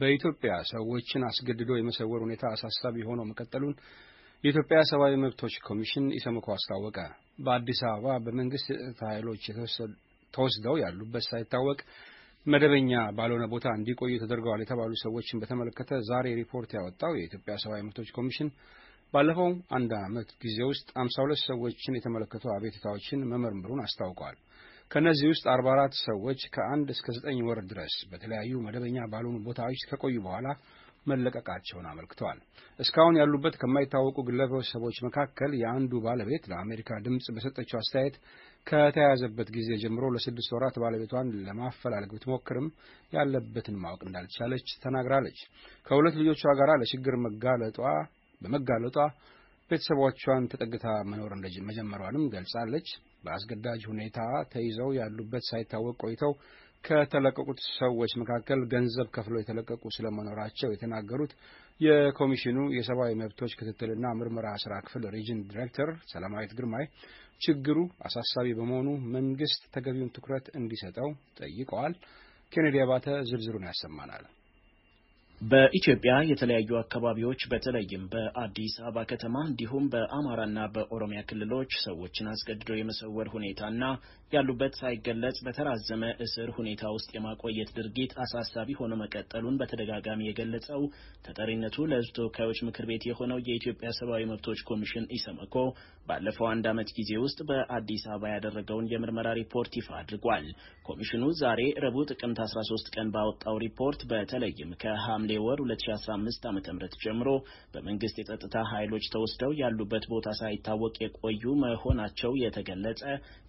በኢትዮጵያ ሰዎችን አስገድዶ የመሰወር ሁኔታ አሳሳቢ ሆኖ መቀጠሉን የኢትዮጵያ ሰብአዊ መብቶች ኮሚሽን ኢሰመኮ አስታወቀ። በአዲስ አበባ በመንግስት የጸጥታ ኃይሎች ተወስደው ያሉበት ሳይታወቅ መደበኛ ባልሆነ ቦታ እንዲቆዩ ተደርገዋል የተባሉ ሰዎችን በተመለከተ ዛሬ ሪፖርት ያወጣው የኢትዮጵያ ሰብአዊ መብቶች ኮሚሽን ባለፈው አንድ ዓመት ጊዜ ውስጥ አምሳ ሁለት ሰዎችን የተመለከቱ አቤቱታዎችን መመርምሩን አስታውቋል። ከእነዚህ ውስጥ 44 ሰዎች ከአንድ እስከ ዘጠኝ ወር ድረስ በተለያዩ መደበኛ ባልሆኑ ቦታዎች ከቆዩ በኋላ መለቀቃቸውን አመልክተዋል። እስካሁን ያሉበት ከማይታወቁ ግለሰቦች መካከል የአንዱ ባለቤት ለአሜሪካ ድምፅ በሰጠችው አስተያየት ከተያያዘበት ጊዜ ጀምሮ ለስድስት ወራት ባለቤቷን ለማፈላለግ ብትሞክርም ያለበትን ማወቅ እንዳልቻለች ተናግራለች። ከሁለት ልጆቿ ጋር ለችግር መጋለጧ በመጋለጧ ቤተሰቦቿን ተጠግታ መኖር መጀመሯንም ገልጻለች። በአስገዳጅ ሁኔታ ተይዘው ያሉበት ሳይታወቅ ቆይተው ከተለቀቁት ሰዎች መካከል ገንዘብ ከፍለው የተለቀቁ ስለመኖራቸው የተናገሩት የኮሚሽኑ የሰብአዊ መብቶች ክትትልና ምርመራ ስራ ክፍል ሪጅን ዲሬክተር ሰላማዊት ግርማይ ችግሩ አሳሳቢ በመሆኑ መንግስት ተገቢውን ትኩረት እንዲሰጠው ጠይቀዋል። ኬኔዲ አባተ ዝርዝሩን ያሰማናል። በኢትዮጵያ የተለያዩ አካባቢዎች በተለይም በአዲስ አበባ ከተማ እንዲሁም በአማራና በኦሮሚያ ክልሎች ሰዎችን አስገድዶ የመሰወር ሁኔታና ያሉበት ሳይገለጽ በተራዘመ እስር ሁኔታ ውስጥ የማቆየት ድርጊት አሳሳቢ ሆኖ መቀጠሉን በተደጋጋሚ የገለጸው ተጠሪነቱ ለሕዝብ ተወካዮች ምክር ቤት የሆነው የኢትዮጵያ ሰብአዊ መብቶች ኮሚሽን ኢሰመኮ ባለፈው አንድ ዓመት ጊዜ ውስጥ በአዲስ አበባ ያደረገውን የምርመራ ሪፖርት ይፋ አድርጓል። ኮሚሽኑ ዛሬ ረቡዕ ጥቅምት 13 ቀን ባወጣው ሪፖርት በተለይም ከሐምሌ ከሐምሌ ወር 2015 ዓ ም ጀምሮ በመንግስት የጸጥታ ኃይሎች ተወስደው ያሉበት ቦታ ሳይታወቅ የቆዩ መሆናቸው የተገለጸ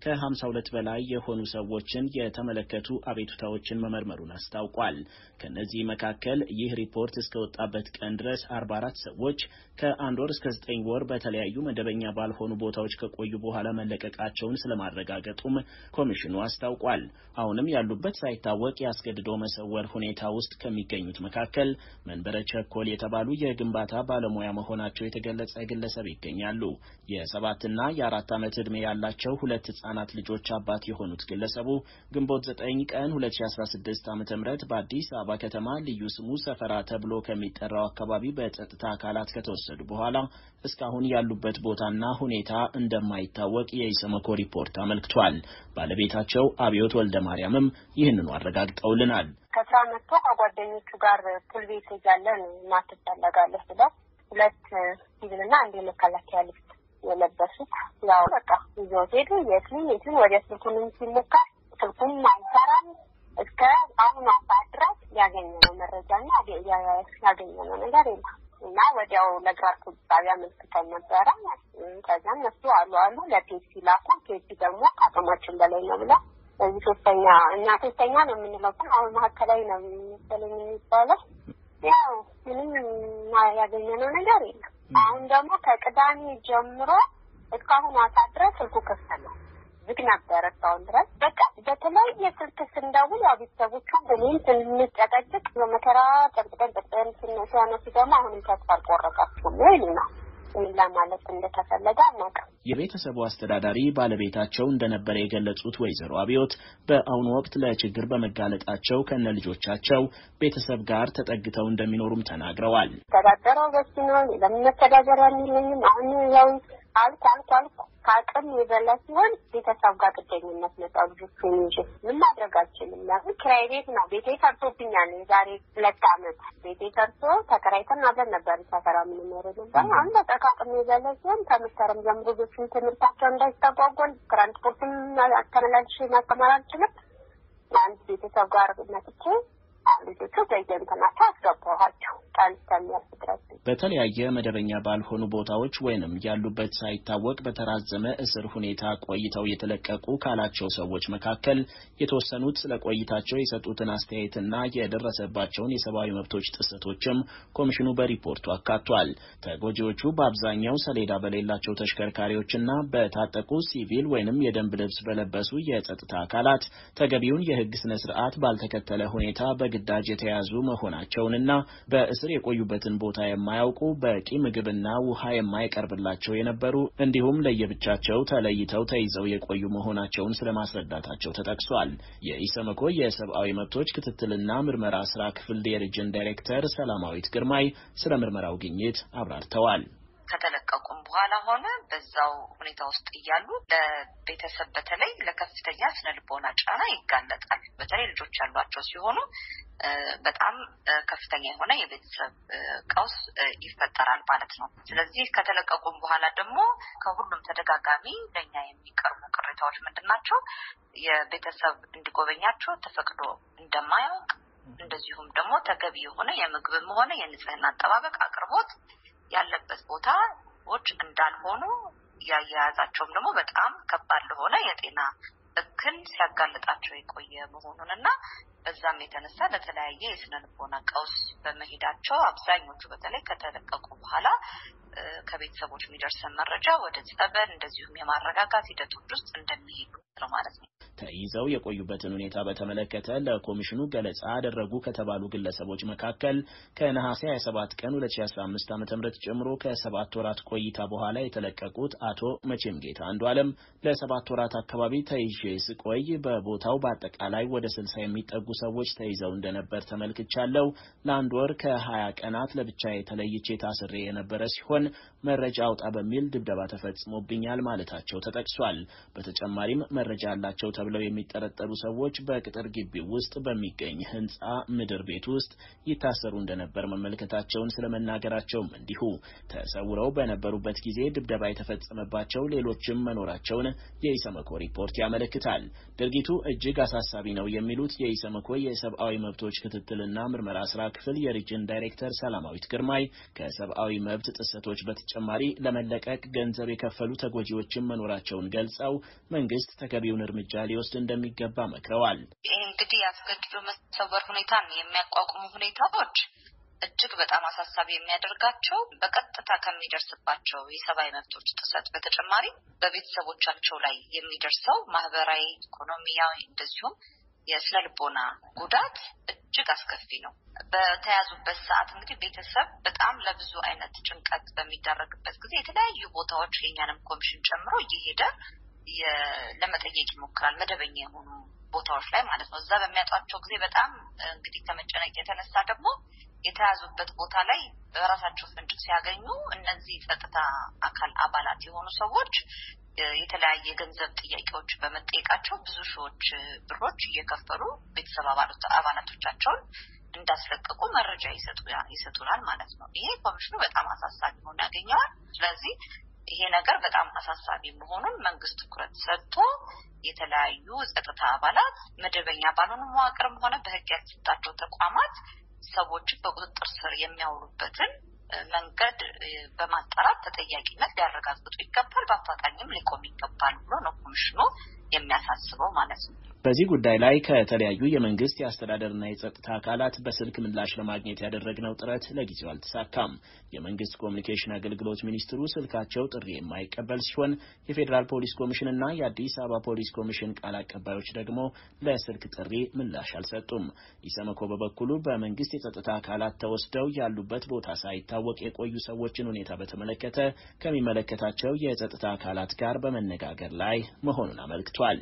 ከ52 በላይ የሆኑ ሰዎችን የተመለከቱ አቤቱታዎችን መመርመሩን አስታውቋል። ከእነዚህ መካከል ይህ ሪፖርት እስከወጣበት ቀን ድረስ 44 ሰዎች ከአንድ ወር እስከ 9 ወር በተለያዩ መደበኛ ባልሆኑ ቦታዎች ከቆዩ በኋላ መለቀቃቸውን ስለማረጋገጡም ኮሚሽኑ አስታውቋል። አሁንም ያሉበት ሳይታወቅ ያስገድዶ መሰወር ሁኔታ ውስጥ ከሚገኙት መካከል መካከል መንበረ ቸኮል የተባሉ የግንባታ ባለሙያ መሆናቸው የተገለጸ ግለሰብ ይገኛሉ። የሰባትና የአራት ዓመት ዕድሜ ያላቸው ሁለት ህጻናት ልጆች አባት የሆኑት ግለሰቡ ግንቦት 9 ቀን 2016 ዓ ም በአዲስ አበባ ከተማ ልዩ ስሙ ሰፈራ ተብሎ ከሚጠራው አካባቢ በጸጥታ አካላት ከተወሰዱ በኋላ እስካሁን ያሉበት ቦታና ሁኔታ እንደማይታወቅ የኢሰመኮ ሪፖርት አመልክቷል። ባለቤታቸው አብዮት ወልደ ማርያምም ይህንኑ አረጋግጠውልናል። ከስራ መጥቶ ከጓደኞቹ ጋር ፑል ቤት ሄጃለን እና ትፈለጋለህ ብለው ሁለት ሲቪል እና አንድ የመከላከያ ልብስ የለበሱት ያው በቃ ይዘው ሄዱ። የትም የትም ወደ ስልኩንም ሲሞከር ስልኩም አይሰራም። እስከ አሁን ሰዓት ድረስ ያገኘነው መረጃና ያገኘነው ነገር የለም እና ወዲያው ነግራር ፖሊስ ጣቢያ ነበረ። ከዚያም እሱ አሉ አሉ ለፔፕሲ ላኩ። ፔፕሲ ደግሞ ከአቅማችን በላይ ነው ብለው በዚህ ሶስተኛ እና ሶስተኛ ነው የምንለው፣ ግን አሁን መካከላዊ ነው መሰለኝ የሚባለው። ያው ምንም ያገኘነው ነገር የለም። አሁን ደግሞ ከቅዳሜ ጀምሮ እስካሁን አሳ ድረስ ስልኩ ክፍት ነው፣ ዝግ ነበረ እስካሁን ድረስ። በቃ በተለያየ ስልክ ስንደውል ያው ቤተሰቦቹ ብሌን ስንጨቀጭቅ በመከራ ጠብቀን ጨቅጭቀን ሲያነሱ ደግሞ አሁንም ተስፋ አልቆረጣችሁም ይሉናል። ይላ ማለት እንደተፈለገ አናውቅም። የቤተሰቡ አስተዳዳሪ ባለቤታቸው እንደነበረ የገለጹት ወይዘሮ አብዮት በአሁኑ ወቅት ለችግር በመጋለጣቸው ከነ ልጆቻቸው ቤተሰብ ጋር ተጠግተው እንደሚኖሩም ተናግረዋል። ተዳደረው በሱ ነው ለምን መተዳደሪያ አሁን ያው አልኩ አልኩ አልኩ ከአቅም የበላ ሲሆን ቤተሰብ ጋር ጥገኝነት መጣ። ልጆቹ እንጂ ምን ማድረግ አልችልም። ለምን ኪራይ ቤት ነው ቤቴ ተርሶብኛል። የዛሬ ሁለት አመት ቤቴ ሰርቶ ተከራይተን አብረን ነበር ሰፈራ የምንኖር ነበር። አሁን በቃ ከአቅም የበላ ሲሆን ከመስከረም ጀምሮ ልጆቹን ትምህርታቸው እንዳይስተጓጎል ትራንስፖርትም አስተመላልሽ ማስተማር አልችልም። አንድ ቤተሰብ ጋር መጥቼ ልጆቹ አስገባኋቸው በተለያየ መደበኛ ባልሆኑ ቦታዎች ወይንም ያሉበት ሳይታወቅ በተራዘመ እስር ሁኔታ ቆይተው የተለቀቁ ካላቸው ሰዎች መካከል የተወሰኑት ስለ ቆይታቸው የሰጡትን አስተያየትና የደረሰባቸውን የሰብአዊ መብቶች ጥሰቶችም ኮሚሽኑ በሪፖርቱ አካቷል። ተጎጂዎቹ በአብዛኛው ሰሌዳ በሌላቸው ተሽከርካሪዎችና በታጠቁ ሲቪል ወይንም የደንብ ልብስ በለበሱ የጸጥታ አካላት ተገቢውን የህግ ስነ ስርዓት ባልተከተለ ሁኔታ በግ በግዳጅ የተያዙ መሆናቸውንና በእስር የቆዩበትን ቦታ የማያውቁ በቂ ምግብና ውሃ የማይቀርብላቸው የነበሩ እንዲሁም ለየብቻቸው ተለይተው ተይዘው የቆዩ መሆናቸውን ስለማስረዳታቸው ተጠቅሷል። የኢሰመኮ የሰብአዊ መብቶች ክትትልና ምርመራ ስራ ክፍል ዲሪጅን ዳይሬክተር ሰላማዊት ግርማይ ስለ ምርመራው ግኝት አብራርተዋል። ከተለቀቁም በኋላ ሆነ በዛው ሁኔታ ውስጥ እያሉ ለቤተሰብ በተለይ ለከፍተኛ ስነ ልቦና ጫና ይጋለጣል። በተለይ ልጆች ያሏቸው ሲሆኑ በጣም ከፍተኛ የሆነ የቤተሰብ ቀውስ ይፈጠራል ማለት ነው። ስለዚህ ከተለቀቁም በኋላ ደግሞ ከሁሉም ተደጋጋሚ ለእኛ የሚቀርቡ ቅሬታዎች ምንድን ናቸው? የቤተሰብ እንዲጎበኛቸው ተፈቅዶ እንደማያውቅ እንደዚሁም ደግሞ ተገቢ የሆነ የምግብም ሆነ የንጽህና አጠባበቅ አቅርቦት ያለበት ቦታዎች እንዳልሆኑ ያያያዛቸውም ደግሞ በጣም ከባድ ለሆነ የጤና እክል ሲያጋልጣቸው የቆየ መሆኑን እና በዛም የተነሳ ለተለያየ የስነ ልቦና ቀውስ በመሄዳቸው አብዛኞቹ በተለይ ከተለቀቁ በኋላ ከቤተሰቦች የሚደርሰን መረጃ ወደ ጸበል እንደዚሁም የማረጋጋት ሂደቶች ውስጥ እንደሚሄዱ ነው ማለት ነው። ተይዘው የቆዩበትን ሁኔታ በተመለከተ ለኮሚሽኑ ገለጻ አደረጉ ከተባሉ ግለሰቦች መካከል ከነሐሴ 27 ቀን 2015 ዓ ም ጀምሮ ከሰባት ወራት ቆይታ በኋላ የተለቀቁት አቶ መቼም ጌታ አንዱ ዓለም ለሰባት ወራት አካባቢ ተይዤ ስቆይ በቦታው በአጠቃላይ ወደ 60 የሚጠጉ ሰዎች ተይዘው እንደነበር ተመልክቻለሁ። ለአንድ ወር ከ20 ቀናት ለብቻ ተለይቼ ታስሬ የነበረ ሲሆን መረጃ አውጣ በሚል ድብደባ ተፈጽሞብኛል ማለታቸው ተጠቅሷል። በተጨማሪም መረጃ አላቸው ተብለው የሚጠረጠሩ ሰዎች በቅጥር ግቢ ውስጥ በሚገኝ ህንፃ ምድር ቤት ውስጥ ይታሰሩ እንደነበር መመልከታቸውን ስለመናገራቸውም እንዲሁ ተሰውረው በነበሩበት ጊዜ ድብደባ የተፈጸመባቸው ሌሎችም መኖራቸውን የኢሰመኮ ሪፖርት ያመለክታል። ድርጊቱ እጅግ አሳሳቢ ነው የሚሉት የኢሰመኮ የሰብአዊ መብቶች ክትትልና ምርመራ ስራ ክፍል የሪጅን ዳይሬክተር ሰላማዊት ግርማይ ከሰብአዊ መብት ጥሰቶች በተጨማሪ ለመለቀቅ ገንዘብ የከፈሉ ተጎጂዎችም መኖራቸውን ገልጸው መንግስት ተገቢውን እርምጃ ሊወስድ እንደሚገባ መክረዋል። እንግዲህ ያስገድዶ መሰወር ሁኔታን የሚያቋቁሙ ሁኔታዎች እጅግ በጣም አሳሳቢ የሚያደርጋቸው በቀጥታ ከሚደርስባቸው የሰብአዊ መብቶች ጥሰት በተጨማሪ በቤተሰቦቻቸው ላይ የሚደርሰው ማህበራዊ፣ ኢኮኖሚያዊ እንደዚሁም የስነ ልቦና ጉዳት እጅግ አስከፊ ነው። በተያዙበት ሰዓት እንግዲህ ቤተሰብ በጣም ለብዙ አይነት ጭንቀት በሚዳረግበት ጊዜ የተለያዩ ቦታዎች የኛንም ኮሚሽን ጨምሮ እየሄደ ለመጠየቅ ይሞክራል። መደበኛ የሆኑ ቦታዎች ላይ ማለት ነው። እዛ በሚያጧቸው ጊዜ በጣም እንግዲህ ከመጨነቅ የተነሳ ደግሞ የተያዙበት ቦታ ላይ በራሳቸው ፍንጭ ሲያገኙ እነዚህ ጸጥታ አካል አባላት የሆኑ ሰዎች የተለያየ ገንዘብ ጥያቄዎች በመጠየቃቸው ብዙ ሺዎች ብሮች እየከፈሉ ቤተሰብ አባላቶቻቸውን እንዳስለቀቁ መረጃ ይሰጡናል ማለት ነው። ይሄ ኮሚሽኑ በጣም አሳሳቢ ሆኖ ያገኘዋል። ስለዚህ ይሄ ነገር በጣም አሳሳቢ መሆኑን መንግስት ትኩረት ሰጥቶ የተለያዩ ጸጥታ አባላት መደበኛ ባልሆኑ መዋቅርም ሆነ በህግ ያልተሰጣቸው ተቋማት ሰዎችን በቁጥጥር ስር የሚያውሉበትን መንገድ በማጣራት ተጠያቂነት ሊያረጋግጡ ይገባል፣ በአፋጣኝም ሊቆም ይገባል ብሎ ነው ኮሚሽኑ የሚያሳስበው ማለት ነው። በዚህ ጉዳይ ላይ ከተለያዩ የመንግስት የአስተዳደርና የጸጥታ አካላት በስልክ ምላሽ ለማግኘት ያደረግነው ጥረት ለጊዜው አልተሳካም። የመንግስት ኮሚኒኬሽን አገልግሎት ሚኒስትሩ ስልካቸው ጥሪ የማይቀበል ሲሆን የፌዴራል ፖሊስ ኮሚሽን እና የአዲስ አበባ ፖሊስ ኮሚሽን ቃል አቀባዮች ደግሞ ለስልክ ጥሪ ምላሽ አልሰጡም። ኢሰመኮ በበኩሉ በመንግስት የጸጥታ አካላት ተወስደው ያሉበት ቦታ ሳይታወቅ የቆዩ ሰዎችን ሁኔታ በተመለከተ ከሚመለከታቸው የጸጥታ አካላት ጋር በመነጋገር ላይ መሆኑን አመልክቷል።